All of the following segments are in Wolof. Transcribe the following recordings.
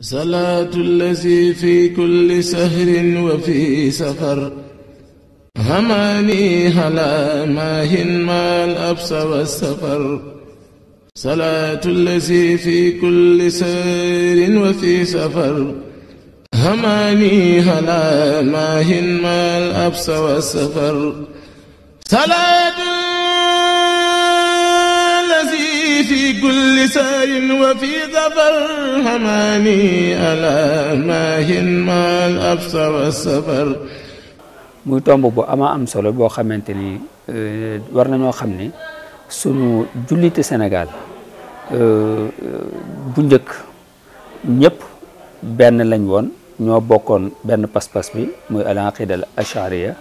salaatu lazi fi kulli sahrin wa fi safar hamaani halaa maahin maal absa wa safar salaatu lazi fi kulli sahrin wa fi safar hamaani halaa maahin maal absa wa safar salaatu في كل سار وفي ظفر حماني ألا ماهٍ مع الأبصر والسفر muy tomb bu ama am solo boo xamante ni eh, war nañoo xam ni sunu jullite Sénégal eh, bu njëkk ñépp benn lañ woon ñoo bokkoon benn pas-pas bi muy al al-ashariya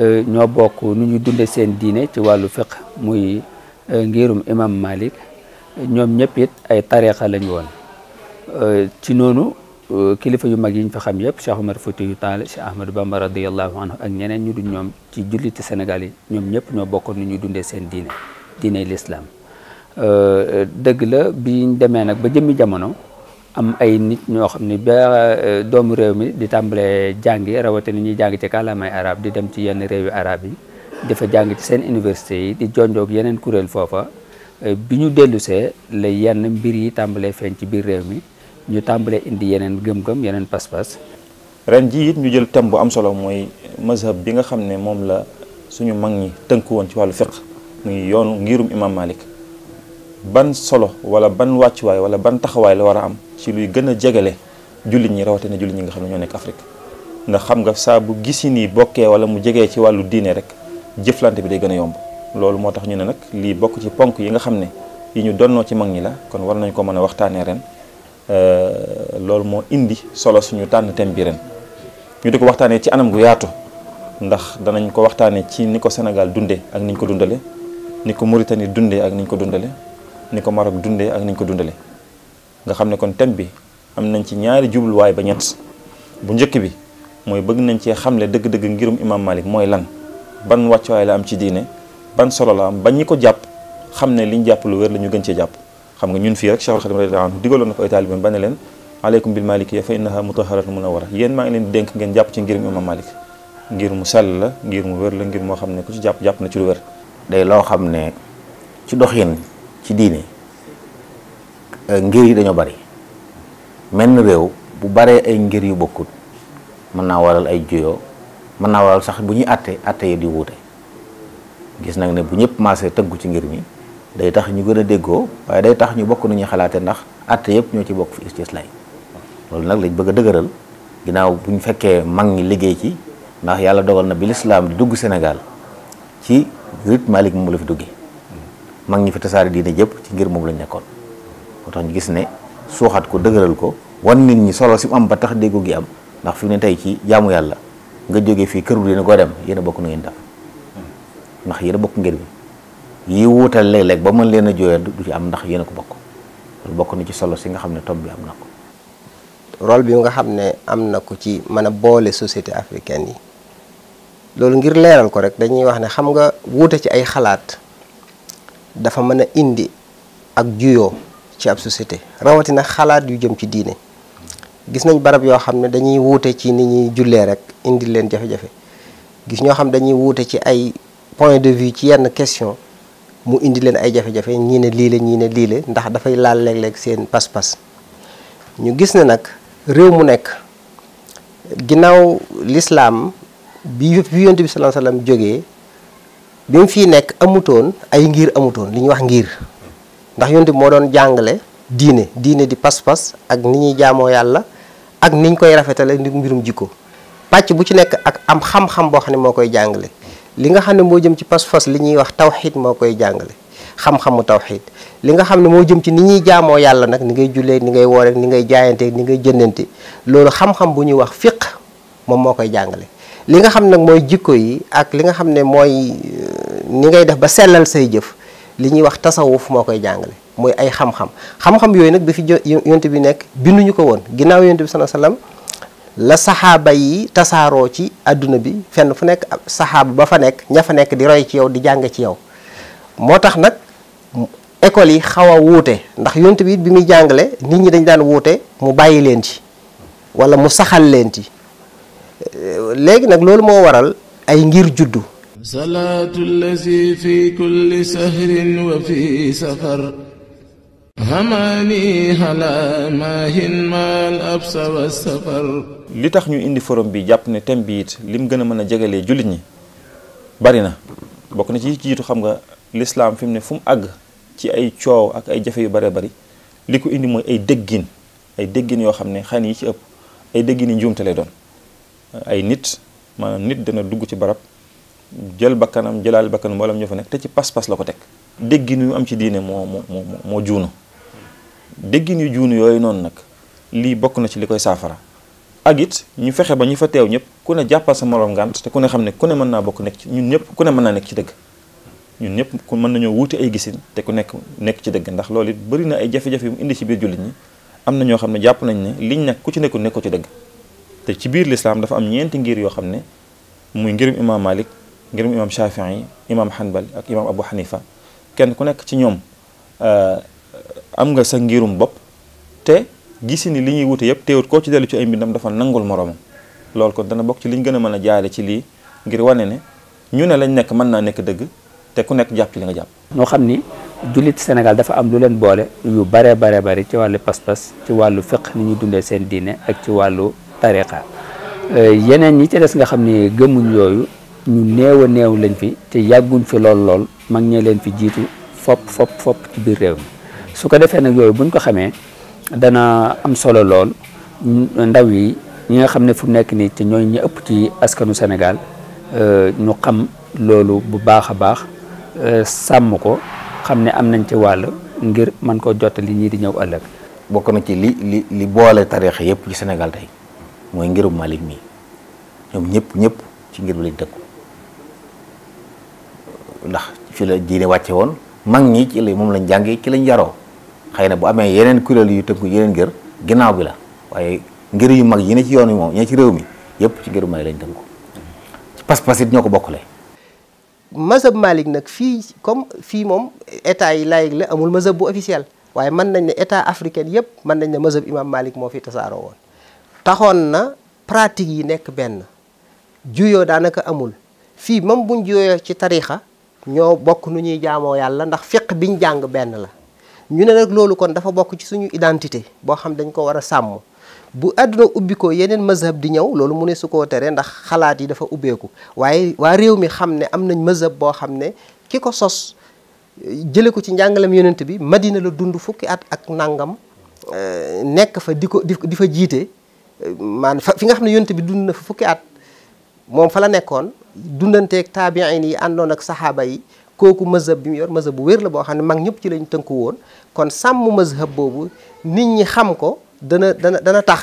eh, ñoo bokk nu ñu dunde seen diine ci wàllu fiqh muy ngirum imam malik ñoom ñëpp it ay tariqa lañ woon ci noonu kilifa yu mag yiñ fi xam yëpp Cheikh Omar Foutiyou Tall Cheikh Ahmadou Bamba radiyallahu anhu ak ñeneen ñu du ñoom ci julliti Sénégal yi ñoom ñëpp ñoo bokkoon nu ñuy dundee seen diine diine l'islam dëgg la biñ demee nag ba jëmmi jamono am ay nit ñoo xam ni ba doomu réew mi di tàmbalee jàngi rawatina ñuy jàng ci kàllaamay arab di dem ci yenn réewi arab yi dafa jàng ci seen université yi di jonjoog yeneen kuréel foofa eh, bi ñu dellusee la yenn mbir yi tàmbalee feeñ ci biir réew mi ñu tàmbalee indi yeneen gëm-gëm yeneen pas-pas ren ji it ñu jël thème bu am solo mooy mazhab bi nga xam ne moom la suñu mag ñi tënku woon ci wàllu fiqh muy yoonu ngirum imam Malik ban solo wala ban wàccuwaay wala ban taxawaay la war a am ci luy gën a jegale jullit ñi rawatina jullit ñi nga xam ne ñoo nekk Afrique ndax xam nga saa bu gisi nii bokkee wala mu jegee ci wàllu diine rek jëflante bi day gën a yomb loolu moo tax ñu ne nag lii bokk ci ponk yi nga xam ne yi ñu donnoo ci mag ñi la kon war nañ ko mën a waxtaanee ren euh, loolu moo indi solo suñu tànn thème bi ren ñu di ko waxtaanee ci anam gu yaatu ndax danañ ko waxtaanee ci ni ko Sénégal dundee ak niñ ko dundale ni ko Mauritanie dundee ak niñ ko dundale ni ko Maroc dundee ak niñ ko dundale nga xam ne kon thème bi am nañ ci ñaari jubluwaay ba ñett bu njëkk bi mooy bëgg nañ cee xamle dëgg-dëgg ngirum Imam Malik mooy lan ban wàccuwaay la am ci diine ban solo la am ba ñi ko jàpp xam ne li ñu jàpp lu wér la ñu gën cee jàpp xam nga ñun fii rek Cheikhul Khadim radiyallahu anhu digaloon na ko ay taalibeem ba ne leen aleykum bil malikiya fa innaha mutaharatun munawwara yéen maa ngi leen di dénk ngeen jàpp ci ngir mu malik ngir mu sell la ngir mu wér la moo xam ne ku ci jàpp jàpp lu wér day loo xam ne ci doxin ci diine euh, ngir yi dañoo bari menn réew bu baree ay ngir yu bokkut mën naa waral ay juyoo mën naa waral sax bu ñuy àtte àtte yi di wuute gis nag ne bu ñëpp maasee tënku ci ngir mi day tax ñu gën a déggoo waaye day tax ñu bokk nañu xalaate ndax àtte yëpp ñoo ci bokk fi istis loolu nag lañ bëgg a dëgëral ginnaaw bu ñu fekkee mag ñi liggéey ci ndax yàlla dogal na bi lislaam di dugg senegal ci rythme Malik moom la fi duggee mag ñi fi tasaare diine jëpp ci ngir moom lañ nekkoon moo tax gis ne suuxat ko dëgëral ko wan nit ñi solo si am ba tax déggu gi am ndax fi ne tey ci jaamu yàlla nga jóge fii kër bu ko dem yéen a bokk nu ngeen def ndax yéen a bokk ngir bi yi wuutal léeg-léeg ba mën leen a jooyal du ci am ndax yéen a ko bokk loolu bokk na ci solo si nga xam ne tom bi am na ko. rôle bi nga xam ne am na ko ci mën a boole société africaine yi loolu ngir leeral ko rek dañuy wax ne xam nga wuute ci ay xalaat dafa mën a indi ak juyoo ci ab société rawatina xalaat yu jëm ci diine. gis nañ barab yoo xam ne dañuy wuute ci ni ñuy jullee rek indi leen jafe-jafe gis ñoo xam ne dañuy wuute ci ay point de vue ci yenn question mu indi leen ay jafe-jafe ñii ne lii la ñii ne lii ndax dafay laal léeg-léeg seen pas-pas ñu gis ne nag réew mu nekk ginnaaw lislaam bi bi yonent bi sallallahu alayhi wasallam bi mu fii nekk amutoon ay ngir amutoon li ñuy wax ngir ndax yonent bi moo doon jàngale diine diine di pas-pas ak ni ñuy jaamoo yàlla ak niñ koy rafetale ni mbirum jikko pàcc bu ci nekk ak am xam-xam boo xam ne moo koy jàngale li nga xam ne moo jëm ci pas-pas li ñuy wax tawxiid moo koy jàngale xam-xamu tawxiid li nga xam ne moo jëm ci ni ñuy jaamoo yàlla nag ni ngay jullee ni ngay wooree ni ngay jaayantee ni ngay jëndante loolu xam-xam bu wax fiq moom moo koy jàngale li nga xam nag mooy jikko yi ak li nga xam ne mooy euh, ni ngay def ba sellal say jëf li ñuy wax tasawuf moo koy jàngale mooy ay xam-xam xam-xam yooyu nag bi dafi yonte bi nekk binduñu ko woon ginnaaw yonte bi sana sallam la saxaaba yi tasaaroo ci àdduna bi fenn fu nekk saxaaba ba fa nekk ña fa nekk di roy ci yow di jàng ci yow moo tax nag école yi xawa wuute ndax yonte bi it bi mu jàngale nit ñi dañ daan wuute mu bàyyi leen ci wala mu saxal leen ci léegi nag loolu moo waral ay ngir juddu salaatu lazi fi kulli sahrin li tax ñu indi forom bi jàpp ne thème biit it lim gën mën a jegalee jullit ñi bari na bokk na ci jiitu xam nga lislaam fi mu ne fu àgg ci ay coow ak ay jafe yu bare bari li ko indi mooy ay déggin ay déggin yoo xam ne xan yi ci ëpp ay déggin yi njuumte lay doon ay nit maanaam nit dana dugg ci barab jël bakkanam jëlaal bakkanam wala ñu fa nekk te ci pas-pas la ko teg déggin yu am ci diine moo moo moo moo juunu déggin yu juunu yooyu noonu nag lii bokk na ci li koy saafara ak it ñu fexe ba ñu fa teew ñëpp ku ne jàppal sa morom ngànt te ku ne xam ne ku ne mën naa bokk nekk ci ñun ñëpp ku ne mën naa nekk ci dëgg ñu ñëpp ku mën nañoo wuute ay gisin te ku nekk nekk ci dëgg ndax lool it bari na ay jafe-jafe yu mu indi ci biir jullit ñi am na ñoo xam ne jàpp nañ ne liñ nekk ku ci nekkul nekk ci dëgg te ci biir lislaam dafa am ñeenti ngir yoo xam ne muy ngirum imam malik ngirum imam shafii imam hanbal ak imam abu hanifa kenn ku nekk ci ñoom euh, am nga sa ngirum bopp te gisi ni li ñuy wute yëpp teewut koo ci dellu ci ay mbindam dafa nangul moroomam lool kon dana bokk ci li ñu gën a mën a jaare ci lii ngir wane ne ñu ne lañ nekk mën naa nekk dëgg te ku nekk jàpp ci li nga jàpp. noo xam ni jullit Sénégal dafa am lu leen boole yu bare bare bari ci wàllu pas-pas ci wàllu fiq ni ñuy dundee seen diine ak ci wàllu tariqa euh, yeneen ñi ci des nga xam ni gëmuñ yooyu. ñu néew a néew lañ fi te yàgguñ fi lool lool mag ñee leen fi jiitu fopp fopp fopp ci biir réew mi su ko defee nag yooyu buñ ko xamee dana am solo lool ndaw yi ñi nga xam ne fu nekk nii ci ñooy ñu ëpp ci askanu Sénégal euh, ñu xam loolu bu baax a baax euh, sàmm ko xam ne am nañ ci wàll ngir mën koo jottali ñii di ñëw ëllëg. bokk na ci li li boole tariix yëpp ci Sénégal tey mooy ngirum Malick mi ñoom ñëpp ñëpp ci ngir bi lañ dëkku ndax fi la diine wàcce woon mag ñi ci la moom lañ jàngee ki lañ yaroo xëy na bu amee yeneen kuréel yu tënku yeneen ngër ginnaaw bi la waaye ngir yu mag yi ne ci yoon yi moom ñe ci réew mi yëpp ci ngëru Malik lañ tënku ci pas-pas it ñoo ko bokkule mazhab Malik nag fii comme fii moom état yi laïc amul mazhab bu officiel waaye mën nañ ne état africain yëpp mën nañ ne mazhab imam Malik moo fi tasaaroo woon taxoon na pratique yi nekk benn juyoo daanaka amul fii moom buñ juyoo ci ñoo bokk nu ñuy jaamoo yàlla ndax fiq biñ jàng benn la ñu ne nag loolu kon dafa bokk ci suñu identité boo xam dañ ko war a sàmm bu àdduna ubbi ko yeneen mazhab di ñëw loolu mu ne su koo tere ndax xalaat yi dafa ubbeeku waaye waa réew mi xam ne am nañ mazhab boo xam ne ki ko sos jële ko ci njàngalam yonent bi madina la dund fukki at ak nangam euh, nekk fa di ko di fa jiite euh, maanaam fi nga xam ne yonent bi dund na fi fukki at moom fa la nekkoon dundanteeg taabiin yi àndoon ak saxaaba yi kooku mazhab bi mu yor mazhab bu wéer la boo xam ne mag ñëpp ci lañ tënku woon kon sàmm mazhab boobu nit ñi xam ko dana dana tax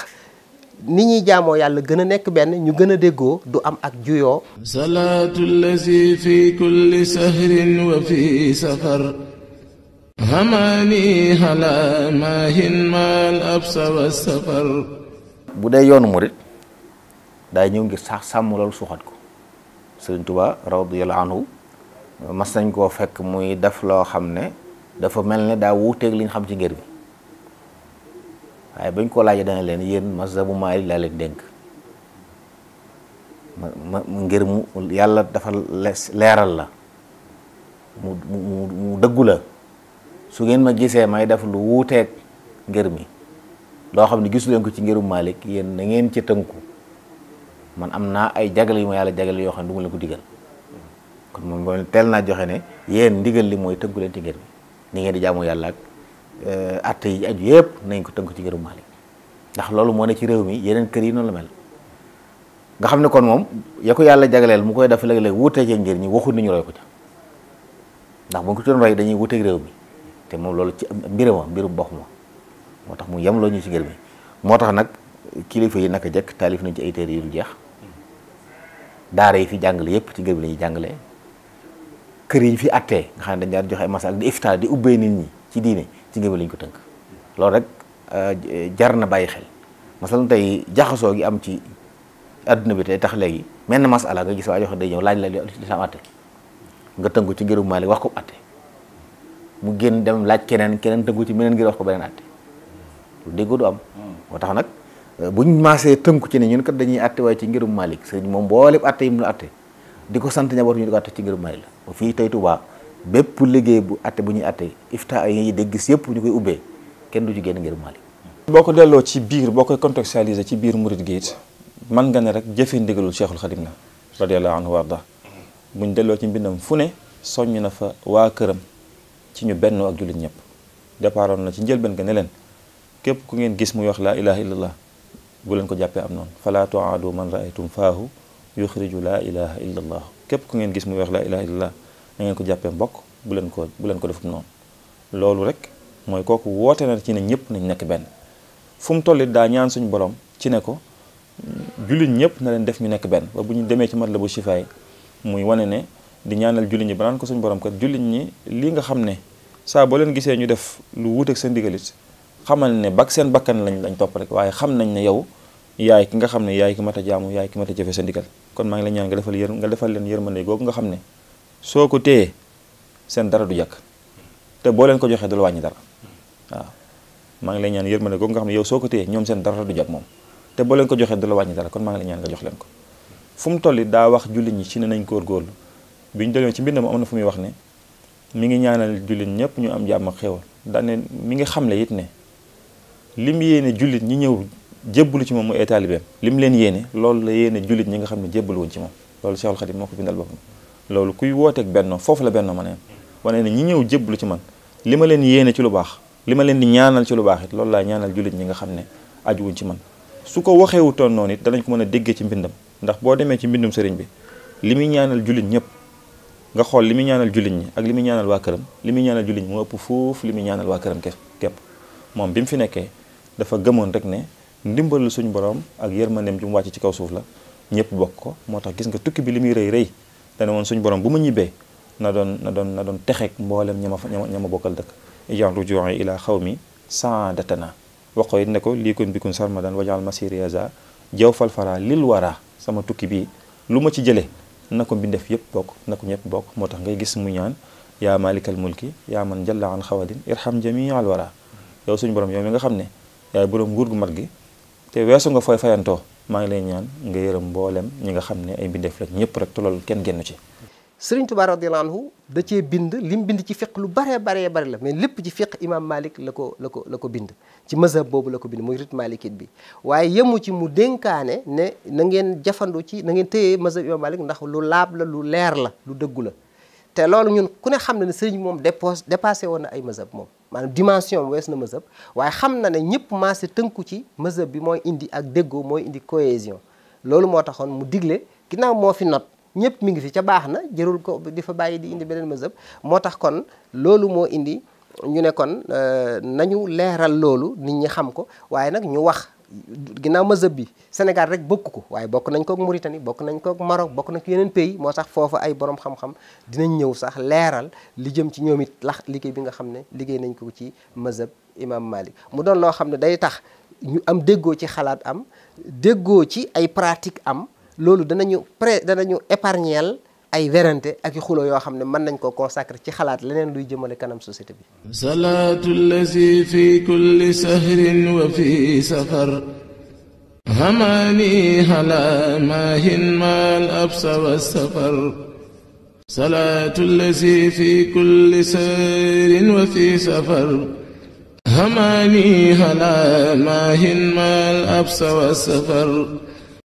nit ñi jaamoo yàlla gën a nekk benn ñu gën a déggoo du am ak juyoo salaatu llazi fi kulli sahrin wa fi safar hamani hala maahin maal absa wa safar bu dee yoonu murit daay ñëw ngir sax sàmm loolu suuxat ko sëriñ Tuubaa radiyallaahu anhu mas nañ koo fekk muy def loo xam ne dafa mel ne daa wuuteeg li xam ci ngër bi waaye bañ ko laajee dana leen yéen mazhabu Maalik laa leen dénk ma ngir mu yàlla dafa leeral la mu mu mu dëggu la su ngeen ma gisee may def lu wuuteeg ngër mi loo xam ne gisu leen ko ci ngërum Maalik yéen na ngeen ci tënku man am naa ay jagal yu ma yàlla jagal yoo xam ne du ma leen ko digal kon moom mooy teel naa joxe ne yéen ndigal li mooy tënku leen ci ngir ni ngeen di jaamu yàlla ak euh, atte yi aju yëpp nañ ko tënku ci ngëru Maalik ndax loolu moo ne ci réew mi yeneen kër yi noonu la mel nga xam ne kon moom ya yàlla jagaleel mu koy def léeg-léeg wuutee ci ngir ñi waxut nañu roy ko ca ndax bu ñu ko doon roy dañuy wuuteeg réew mi te moom loolu ci mbirama mbirum bopp ma moo tax mu yem loo ñu ci ngir mi moo tax nag kilifa yi naka jekk taalif nañ ci ay téere yu jeex daara yi fi jàngale yëpp ci géej gi la jàngale kër yi fi attee nga xam ne dañ daan joxe masal di iftaal di ubbee nit ñi ci diine ci géej gi ko tënk loolu rek euh, jar na bàyyi xel masalan tey jaxasoo gi am ci adduna bi tey tax léegi menn masala nga gis waa joxe day ñëw laaj la lislaam atte nga tënku ci ngëru li wax ko atte mu génn dem laaj keneen keneen tënku ci meneen ngir wax ko beneen atte lu déggoo du am hmm. moo tax nag buñ maasee tënku ci ne ñun kat dañuy atte waaye ci ngirum Malik sëriñ moom booleb atte yi mu la di ko sant njaboot ñu di ko atte ci ngirum Malik la fii tey Tuubaa bépp liggéey bu atte bu ñuy atte ifta yi dégg gis yëpp ñu koy ubbee kenn du ci génn ngirum Malik boo ko delloo ci biir boo koy contextualiser ci biir murid gi it man nga ne rek jëfee ndigalul Cheikhul Xadim na radiyallahu anhu warda buñ delloo ci mbindam fu ne soññ na fa waa këram ci ñu bennoo ak jullit ñëpp départoon na ci njëlbeen ga ne leen képp ku ngeen gis muy wax laa ilaha illallah bu leen ko jàppee am noonu fala tuaadu man raaytum faahu yuxriju laa ilaha illa allah képp ku ngeen gis muy wax laa ilaha illa allah na ko jàppee mbokk bu leen ko bu leen ko defum noonu loolu rek mooy kooku woote na ci ne ñëpp nañ nekk benn fu mu tollit daa ñaan suñu borom ci ne ko jullit ñëpp na leen def ñu nekk benn ba bu ñu demee ci mat la bu shifaay muy wane ne di ñaanal jullit ñi banaan ko suñu borom kat jullit ñi li nga xam ne saa boo leen gisee ñu def lu wuuteeg seen digalit xamal ne bak seen bakkan lañ lañ topp rek waaye xam nañ ne yow yaay ki nga xam ne yaay ki mat a jaamu yaay ki mat a jëfe sa ndigal kon maa ngi la ñaan nga defal yër nga defal leen yërmande googu nga xam ne soo ko téyee seen dara du yàq te boo leen ko joxee du la wàññi dara waaw maa ngi lay ñaan yërmande googu nga xam ne yow soo ko téyee ñoom seen dara du yàq moom te boo leen ko joxee du la wàññi dara kon maa ngi la ñaan nga jox leen ko fu mu tolli daa wax jullit ñi ci ne nañ góorgóorlu bi ñu demee ci mbindam am na fu muy wax ne mi ngi ñaanal jullit ñëpp ñu am jàmm ak xéewal daane mi ngi xamle it ne lim yéene jullit ñi ñëw jébbalu ci moom mu ay taalibeem lim leen yéene loolu la yéene jullit ñi nga xam ne jébbalu woon ci moom loolu Cheikhul Khadim moo ko bindal boppam loolu kuy wooteeg benno foofu la benno ma ne wane na ñi ñëw jébbalu ci man li ma leen yéene ci lu baax li ma leen di ñaanal ci lu baax it loolu laa ñaanal jullit ñi nga xam ne aju wuñ ci man su ko waxeewutoon noonu it danañ ko mën a déggee ci mbindam ndax boo demee ci mbindum sëriñ bi li muy ñaanal jullit ñëpp nga xool li muy ñaanal jullit ñi ak li muy ñaanal waa këram li muy ñaanal jullit ñi moo ëpp muy ñaanal waa këram képp moom bi mu fi nekkee dafa gëmoon rek ne ndimbalu suñu borom ak yërmandeem ju mu wàcc ci kaw suuf la ñëpp bokk ko moo tax gis nga tukki bi li muy rëy rëy dana woon suñu borom bu ma ñibbee na doon na doon na doon texeeg mboolem ña ma ña ma bokkal dëkk ijaan rujuu'i ilaa xawmi saadatana waxoo it ne ko lii kon bikun sarmadan wajaal masiriasa jaw falfara lil wara sama tukki bi lu ma ci jële na ko mbindeef yëpp bokk na ko ñëpp bokk moo tax ngay gis mu ñaan yaa malikal mulki yaa man jalla an xawadin irham jamial wara yow suñu borom yow mi nga xam ne yaay boroom nguur gu mat gi te weesu nga fooy fayantoo maa ngi lay ñaan nga yërëm mboolem ñi nga xam ne ay mbindeef la ñëpp rek te loolu kenn génn ci sëriñ Tuubaa radiyallaahu anhu da cee bind lim bind ci fiq lu bare bare bare la mais lépp ci fiq imam malik la ko la ko la ko bind ci mazhab boobu la ko bind muy rit malikit bi waaye yemu ci mu dénkaane ne na ngeen jafandu ci na ngeen téye mazhab imam ndax lu laab la lu leer la lu dëggu la te loolu ñun ku ne xam ne ne sëriñ moom dépos dépassé woon na ay mazhab moom maanaam dimension wees na mazhab waaye xam na ne ñëpp maase tënku ci mazhab bi mooy indi ak déggoo mooy indi cohésion loolu moo taxoon mu digle ginnaaw moo fi not ñëpp mu ngi fi ca baax na jërul ko di fa bàyyi di indi beneen mazhab moo tax kon loolu moo indi ñu ne kon euh, nañu leeral loolu nit ñi xam ko waaye nag ñu wax ginnaaw mazhab bi Sénégal rek bokk ko waaye bokk nañ ko ak bokk nañ ko ak bokk nañ ko yeneen pays moo tax foofu ay boroom xam-xam dinañ ñëw sax leeral li jëm ci ñoom it lax liggéey bi nga xam ne liggéey nañ ko ci mazhab imam Malik mu doon loo xam ne day tax ñu am déggoo ci xalaat am déggoo ci ay pratique am loolu danañu pré danañu épargnel ay werante ak i xulo yoo xam ne mën nañ ko consacré ci xalaat leneen luy jëmale kanam société bi salaatu llazi fi kulli sahrin wa fi safar hamani hala maahin maal absa absa wa safar